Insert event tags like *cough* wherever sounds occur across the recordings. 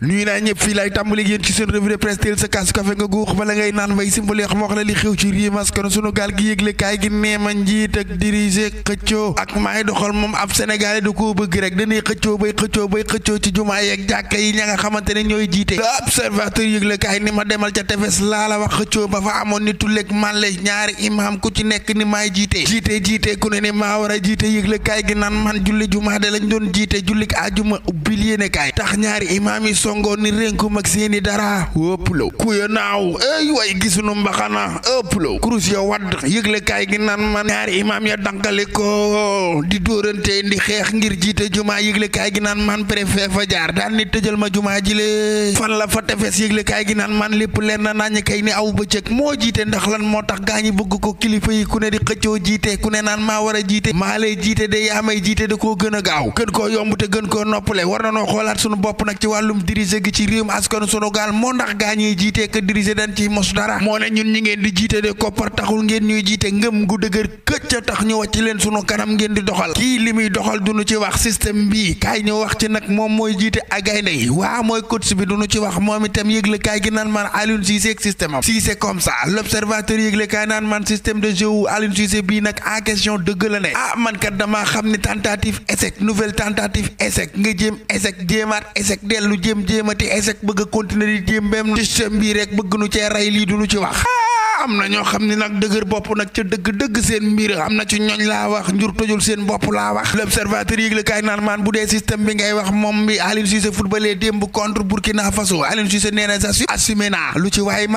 nuyu naa ñëpp fii laay tàmbali yéen ci seen revue de presse teel sa kaas kafe nga guux bala ngay naan bay simbali xam wax la li xew ci réew maskan sunu gaal gi yëgle gi ak dirigé xëccoo ak moom ab sénégalais da koo bëgg rek dañuy xëccoo bay xëccoo bay xëccoo ci jumaa yeeg jàkka yi ña nga xamante ne ñooy jiite l'observateur yëgle kaay ni ma demal ca tefes laa la wax xëccoo ba fa amoon ni tulleeg manle ñaari imam ku ci nekk ni maay jiite jiite jiite ku ne ni maa war a jiite yëgle kaay gi naan man julli jumaa de lañ doon jiite jullik àjjuma ubbil yéene kaay tax ñaari imam yi songoo ni rénkum ak seeni dara ëpp law kuya naaw ey way gisunu mbaxana ëpp law kurus ya wadd yëglekaay gi naan man ñaari imaam ya dankali ko di dóorante ndi xeex ngir jiite jumaa yëglekaay gi naan man préfet fa jaar daan ni tëjal ma jumaa jile fan la fa tefes yëglekaay gi naan man lépp leen na nañ kay ni aw bëccëg moo jiite ndax lan moo tax gaa gaañi bëgg ko kilifa yi ku ne di xëccoo jiite ku ne naan maa war a jiite maa lay jiite de yaa may da koo gën a gaaw gën diriger gi ci réewum askan sunu gaal moo ndax gaañee jiitee ka diriger dañ ci mos dara moo ne ñun ñi ngeen di jiite de koppar taxul ngeen ñuy jiite ngëm gu dëgër këcc tax ñu wàcc leen sunu kanam ngeen di doxal kii li muy doxal duñu ci wax système bii kaay ñu wax ci nag moom mooy jiite ak gaynde yi waa mooy coach bi duñu ci wax moom itam yëgle kaay gi naan man Aliou Cissé ak système am Cissé comme ça l'observateur yëgle kaay naan man système de jeu a Cissé bii nag en question dëgg la jéemati échec bëgg a continuer di jéem bem système bii rek bëgg nu cee rey lii du nu ci wax am na ñoo xam ni nag dëgër bopp nag ca dëgg-dëgg seen mbir am na ci ñooñ laa wax njur tojul seen bopp laa wax l'observateur yëgle kaay naan maan bu dee système bi ngay wax moom bi Aliou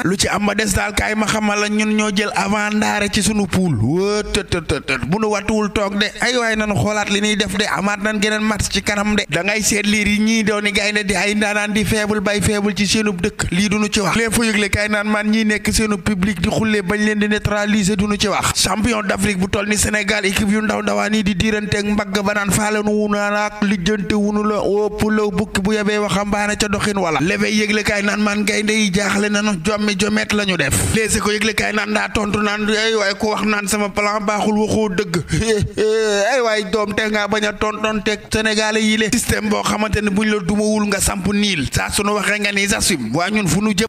lu ci am ba des daal kaay ma xamal la ñun ñoo jël avant ndaare ci sunu poul wëtëtëtët bu nu wattuwul toog de ay waay nanu xoolaat li ñuy def de amaat nan geneen match ci kanam de da seet liir yi ñii dooni gaynde di ay ndaanaan di faible bay faible ci seenub dëkk xullee bañ leen di neutraliser duñu ci wax champion d'Afrique bu toll ni Sénégal équipe yu ndaw ndawaan yi di diiranteeg mbagg ba naan faalanu wunaanaak lijjante wunu la ëpp la bukki bu yebee waxambaane ca doxin wala lebe yëglekaay naan la ñu def ko yëglekaay naan daa tontu naan ay waaye ku wax naan sama plan baaxul waxoo dëgg *laughs* ay waaye te a tontoon teg Sénégalais yi le système boo xamante ne buñ la dumawul nga samp ni jasim waa ñun fu nu jëm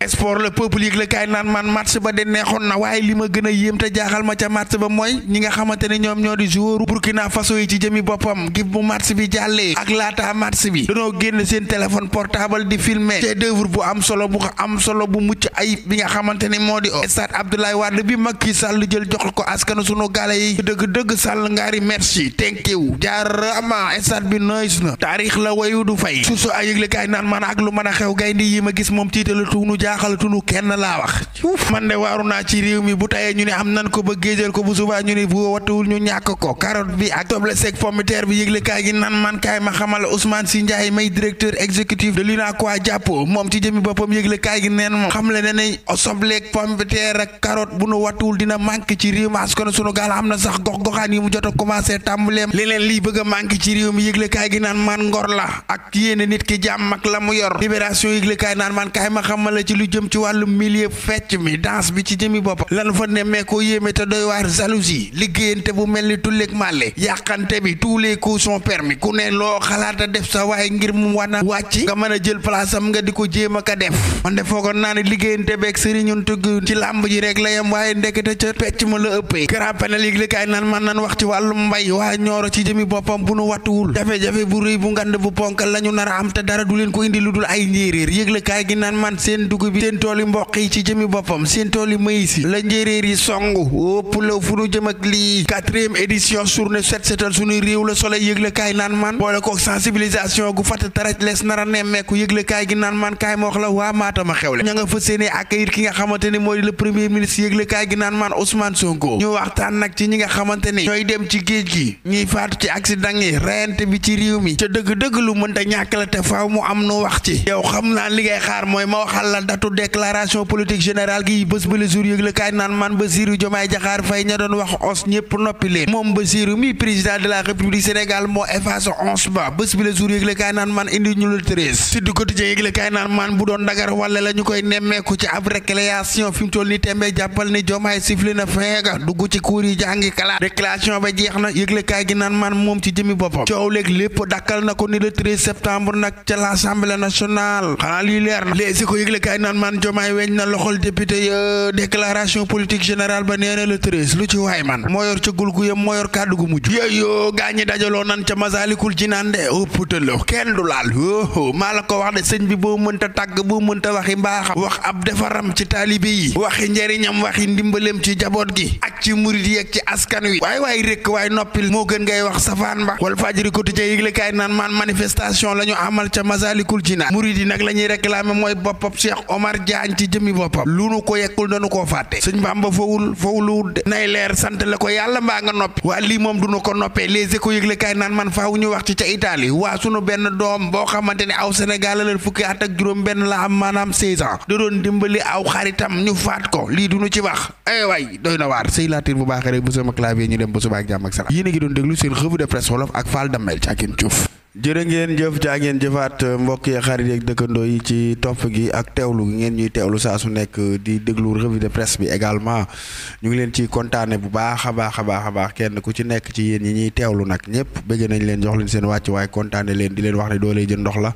naan maan match ba de neex baaxoon na waaye li ma gën a yéem te jaaxal ma ca match ba mooy ñi nga xamante ne ñoom ñoo di joueur Burkina Faso yi ci jëmi boppam gi bu match bi jàllee ak laata match bi danoo génn seen téléphone portable di filmer chef d'œuvre bu am solo bu am solo bu mucc ayib bi nga xamante ne moo di stade Abdoulaye Wade bi ki Sall jël jox ko askanu sunu gaale yi dëgg dëgg Sall ngaari merci thank you jaarama stade bi noyis na taarix la wayu du fay su su ay yëglekaay naan man ak lu mën a xew gaynde yi ma gis moom tiitalu tuunu jaaxal tuunu kenn laa wax courant ci réew mi bu tayee ñu ne am nan ko ba géejal ko bu subaa ñu ne bu wattuwul ñu ñàkk ko carotte bi ak toble sec pomme terre bi yëglekaay man kaay ci jëmi boppam yëglekaay gi neen am na sax gox goxaan yi mu jot a commencé tàmbaleem leneen lii bëgg a manqué ci réew mi yëglekaay gi naan man ngor la ak yéene nit ki jàmm ak la mu yor libération yëglekaay naan man kaay ma xamal ci lu jëm ci wàllu milieu fecc mi danse bi ci jëmi lan fa nemmee ko yéeme te doy waar jalousie liggéeyante bu mel ni tulleeg màlle yàqante bi tous les coups sont permis ku ne loo xalaata def sa waaye ngir mu war na wàcc nga mën a jël place am nga di ko jéem a def man de foogoon naa ne liggéeyante sëriñun tugg ci làmb ji rek la yem waaye ndekete ca pecc ma la ëppee grand panel yëgle kaay nan man nan wax ci wàllum mbay waa ñooro ci jëmi boppam bu nu wattuwul jafe-jafe bu rëy bu ngand bu ponkal la ñu nar a am liggéey si la njéeréer yi song wópp la fu nu jëm ak lii quatrième édition journée set setal suñu réew la soleil yëgle naan man boole kook sensibilisation gu fatt taraj lees nar a nemmeeku yëgle kaay gi naan man kaay ma wax la waa maatama xewle ña nga fa séene accueillir ki nga xamante mooy le premier ministre yëgle gi naan man Ousmane Sonko ñu waxtaan nag ci ñi nga xamante ñooy dem ci géej gi ñuy faatu ci accident yi reyante bi ci réew mi yëglekaay naan man Bassirou Diomaye Diakhar Faye ña doon wax os ñëpp noppi leen moom Bassirou mi président de la république Sénégal moo effacé os ba bés bi la jour yëglekaay naan man indi ñu la treize Sud Quotidien yëglekaay naan man bu doon dagar wala la koy nemmeeku ci ab récréation fi mu ni tembe jàppal ni Diomaye sifli na feega dugg ci kuur yi kalaat récréation ba jeex na yëglekaay gi déclaration politique générale ba nee la le treize lu ci waay man moo yor ca gul gu yam moo yor kàddu gu mujj yooyu gaa dajaloo nan ca Masaalikul Jinaan de oh uppatalo kenn du laal yoo oh, maa la ko wax de sëñ bi boo mënta tàgg boo mënta waxi mbaaxam wax ab defaram ci taalibe yi waxi njariñam waxi ndimbalem ci jaboot gi ak ci murit yi ak ci askan wi waay waay rekk waay noppil moo gën ngay wax safaan ba wal fajiri quotidien yëglekaay naan la ñu amal ca Masaalikul Jinaan murit yi nag la ñuy réclamer mooy boppam Cheikh fàtte sëñ Bamba fawul fawuluwul de nay leer sant la ko yàlla mbaa nga nopp waa lii moom duna ko noppee les échos yëgle kaay naan man faaw ñu wax ci ca Italie waa sunu benn doom boo xamante ne aw Sénégal la fukki at ak juróom benn la am maanaam 16 ans da doon dimbali aw xaritam ñu faat ko lii duñu ci wax ay eh waay doy na waar sëy bu baax rek bu sama clavier ak jàmm ak salaam a ngi doon déglu seen revue de presse wolof ak Fall Damel Cakin Diouf jërë ngeen jëf jaa ngeen jëfaat mbokk yi xarit yeeg dëkkandoo yi ci topp gi ak teewlu gi ngeen ñuy teewlu saa su nekk di déglu revue de presse bi également ñu ngi leen ci kontaane bu baax a baax a baax a baax kenn ku ci nekk ci yéen ñi ñuy teewlu nag ñëpp bëgg nañ leen jox leen seen wàcc waaye kontaane leen di leen wax ne doole jën ndox la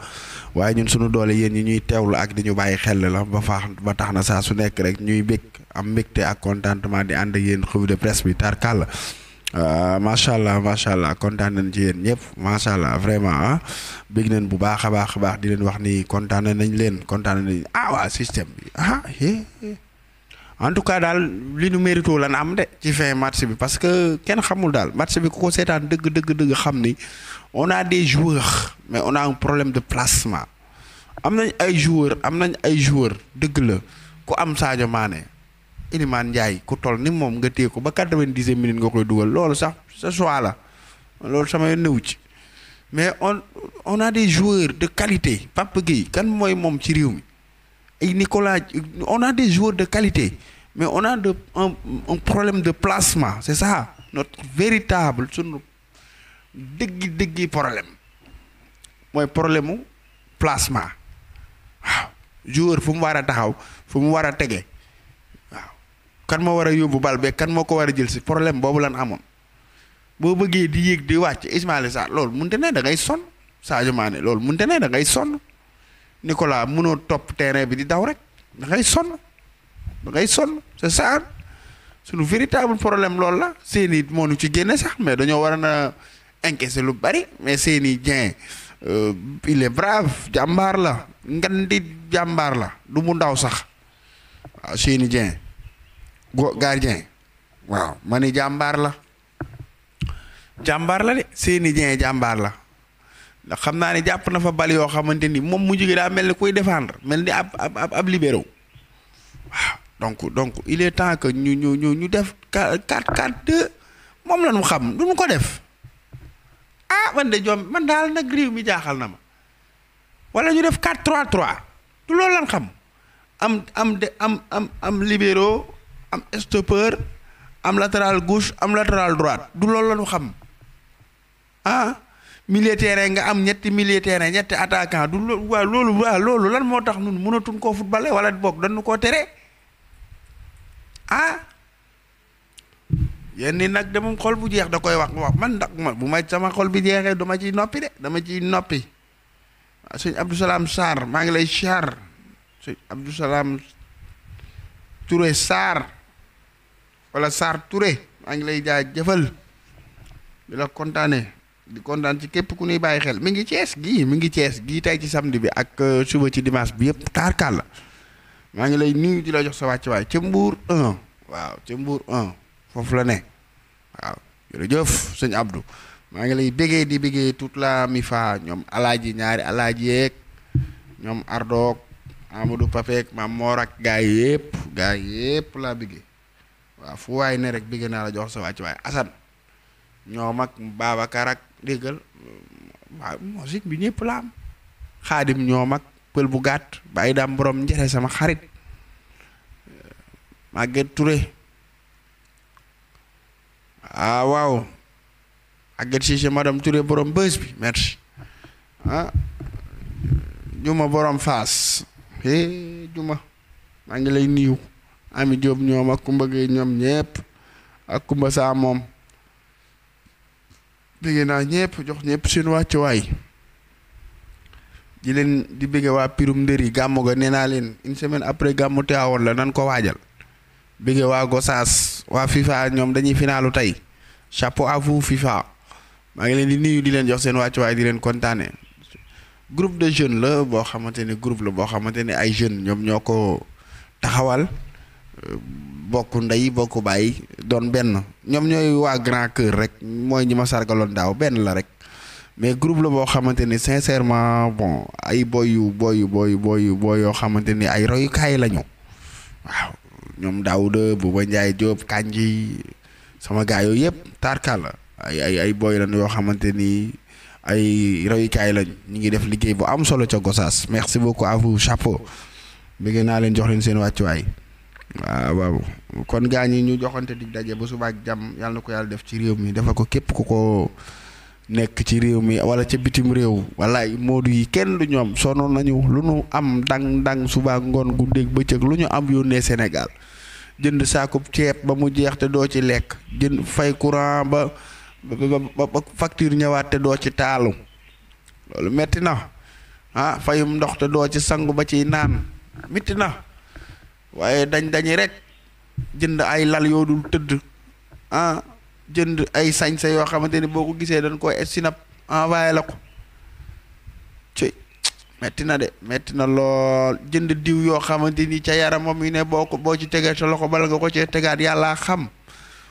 waaye ñun suñu doole yéen ñi ñuy teewlu ak di ñu bàyyi xel la ba faax ba tax na saa su nekk rek ñuy bég am mbégte ak contentement di ànd ak yéen de presse bi tarkal Ah, macha allah macha allah kontaan nañ ci yéen ñëpp macha allah vraiment ah. bëgg nañ bu baax a baax baax di leen wax ni kontaan nañ leen kontaan nañ ah waa système bi ah en tout cas daal li nu mérito lan am de ci fin match bi parce que kenn xamul daal match bi ku ko seetaan dëgg dëgg dëgg xam ni on a des mais on problème de placement am nañ ay joueurs am nañ ay joueurs dëgg la ku am Sadio Mané. Ilimaan Ndiaye ku toll ni moom nga téye ko ba quatre-vingt-dixième minute nga koy dugal loolu sax sa choix la loolu sama yoon ci mais on on a des joueurs de qualité Pape Gueye kan mooy moom ci réew mi ay Nicolas on a des joueurs de qualité mais on a de un, problème de placement c'est ça notre véritable sunu dëggi dëggi problème mooy problème mu placement waaw joueur fu mu war a taxaw fu mu war a tege kan moo war a yóbbu bal beeg kan moo ko war a jël si problème boobu lan amoon boo bëggee di yéeg di wàcc Ismaïla Sarr loolu mun ne da ngay sonn Sadio Mané loolu mënut ne da ngay sonn Nicolas mënoo topp terrain bi di daw rek da ngay sonn da ngay sonn c'est ça suñu véritable problème loolu la seeni it moo ñu ci génne sax mais dañoo war a na encaisser lu bari mais seeni Dieng euh, il est brave jàmbaar la ngan di jàmbaar la du mu ndaw sax waaw seeni Dieng gardien waaw ma ni jàmbaar la jàmbaar la de seeni jàmbaar la ndax xam naa ne jàpp na fa bale yoo xamante ni moom mu jóge daa mel ni kuy défendre mel ni ab ab ab libéro waaw donc donc il est temps que ñu ñu ñu ñu def quatre quatre deux moom la ñu xam du ñu ko def ah man de man daal nag réew mi jaaxal na ma wala ñu def quatre trois trois du loolu lan xam am am de am am am libéro am stoppeur am latéral gauche am latéral droite du lool la xam ah milieu terrain nga am ñetti milieu terrain ñetti attaquant du loolu waa loolu lan moo tax ñun mënatuñ koo futbale wala boog dañu koo tere ah yenn nag de xol bu jeex da koy wax wax man ndax ma bu ma sama xol bi jeexee dama ciy noppi de dama ciy noppi ah, sëñ Abdou Salam Sarr maa ngi lay siyaar sëñ Abdou Salam Touré wala Sarr Touré maa ngi lay jaay jëfal di la kontaanee di kontaan ci képp ku ñuy bàyyi xel mi ngi Cees gii mi ngi Cees gii tey ci samedi bi ak euh, suba ci dimanche bi yëpp taarkaal la maa ngi lay nuyu di la jox sa wàcc waay ca Mbour 1 waaw ca Mbour un foofu la ne waaw jërëjëf sëñ Abdou maa ngi lay bégee di bégee toute la mi ñoom ñoom yi ñaari alaaji yeeg ñoom Ardoog Amadou Papek maam Moor ak gaa yëpp gaa laa bégee waaw fu waay ne rek bëgg naa la jox sa wàcc waaye Assane ñoom ak Babacar ak déggal waaw bi ñëpp la am xaadim ñoom ak pël bu gàtt bàyyi daam boroom njëre sama xarit Maguette Touré ah waaw Maguette Cissé madame Touré borom bës bi merci ah juma borom faas juma maa ngi lay nuyu. Ami Diop ñoom ak Kumba Gueye ñoom ñëpp ak Kumba saa moom bëgg naa ñëpp jox ñëpp seen wàccuwaay di leen di bëgg waa pirum ndër yi gàmmu ga nee naa leen une semaine après gàmmu teewoon la nan ko waajal bëgg waa Gosaas waa FIFA ñoom dañuy finaalu tey chapeau à vous FIFA maa ngi leen di nuyu di leen jox seen wàccuwaay di leen kontaane groupe de jeunes la boo xamante ne groupe la boo xamante ne ay jeunes ñoom ñoo ko taxawal bokk ndey bokk baay doon benn ñoom ñooy waa grand cœur rek mooy ñi ma sargaloon daaw benn la rek mais groupe la boo xamante ni sincèrement bon ay boyu boyu boyu boyu boy yoo xamante ni ay royukaay la ñoom Daouda Bouba Ndiaye Diop sama gars yooyu yëpp tarka la ay ay ay boy yoo xamante ni ay royukaay lañ ñu ngi def liggéey bu am solo ca Gossas merci beaucoup à vous chapeau bëgg naa leen jox leen seen wàccuwaay. Ah, waaw kon gaa ñi ñu joxante di daje ba suba ak jàmm yàlla ko yàlla def ci réew mi defal ko képp ku ko nekk ci réew mi wala ca bitim réew ay moodu yi kenn du ñoom sonoon nañu lu nu am dang dang suba ngoon guddeeg bëccëg lu ñu am yónnee senegal jënd saakub ceeb ba mu jeex te doo ci lekk jënd fay courant ba ba ba facture ñëwaat te doo ci taalu loolu metti na ah fayum ndox te doo ci sangu ba ciy naan mitti na waaye dañ dañi rek jënd ay lal yoo dul tëdd ah jënd ay sañsa yoo xamante ni boo ko gisee dañ koy sinap envoyé la ko ci metti na de metti na lool jënd diw yoo xamante ni ca yaramam yi ne boo ko boo ci tegee sa loxo bala nga ko cee tegaat yàllaa xam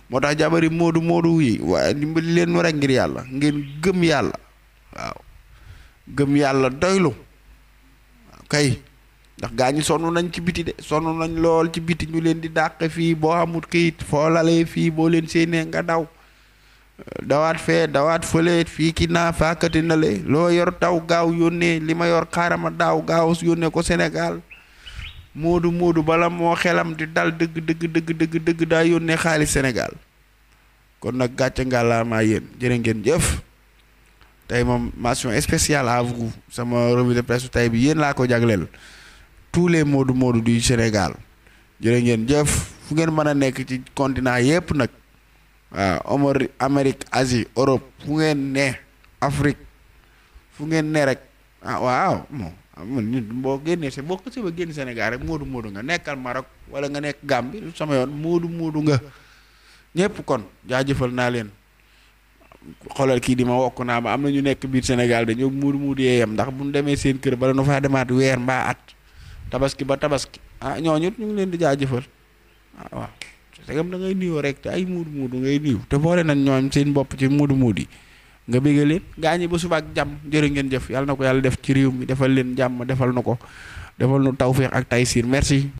moo tax jabari moodu moodu yi waaye dimbali leen war ngir yàlla ngeen gëm yàlla waaw gëm yàlla doylu kay ndax gaa ñi sonn nañ ci biti de sonn nañ lool ci biti ñu leen di dàq fii boo amul këyit foo fii boo leen séenee nga daw euh, dawaat fee dawaat fële fii ki naa faakati na loo yor taw gaaw yónnee li ma yor xaarama daaw gaaw yónnee ko Sénégal moodu moodu bala moo xelam di dal dëgg dëgg dëgg dëgg daa yónnee xaalis Sénégal kon nag gàcce ngàllaamaa yéen jërë ngeen jëf tey moom mention spéciale à sama revue de presse tey bi yéen laa ko jagleel tous les Modou Modou du Sénégal jërë ngeen jëf fu ngeen mën a nekk ci continent yépp nag waaw Omar Amérique Asie Europe fu ngeen ne Afrique fu ngeen ne rek ah waaw moom ah, man nit boo génnee sa boo xasee ba génn Sénégal rek Modou Modou nga nekkal marok wala nga nekk Gambie sama yoon Modou Modou nga ñëpp kon jaajëfal naa leen xoolal kii di ma wokk naa ma am na ñu nekk biir Sénégal dañoo Modou Modou yee yam ndax bu ñu demee seen kër bala nu faa demaat weer mbaa at. tabaski ba tabaski ah ñooñu ñu ngi leen di jaajëfal jëfal ah, waaw segam da ngay nuyoo rek te ay muudu muudu ngay niiw te boole nañ ñoom seen bopp ci muudu muudu yi nga béggee leen ñi ba suba ak jàmm jërë ngeen jëf yàlla na ko yàlla def ci réew mi defal leen jàmm defal na ko defal nu tawféex ak taysiir merci.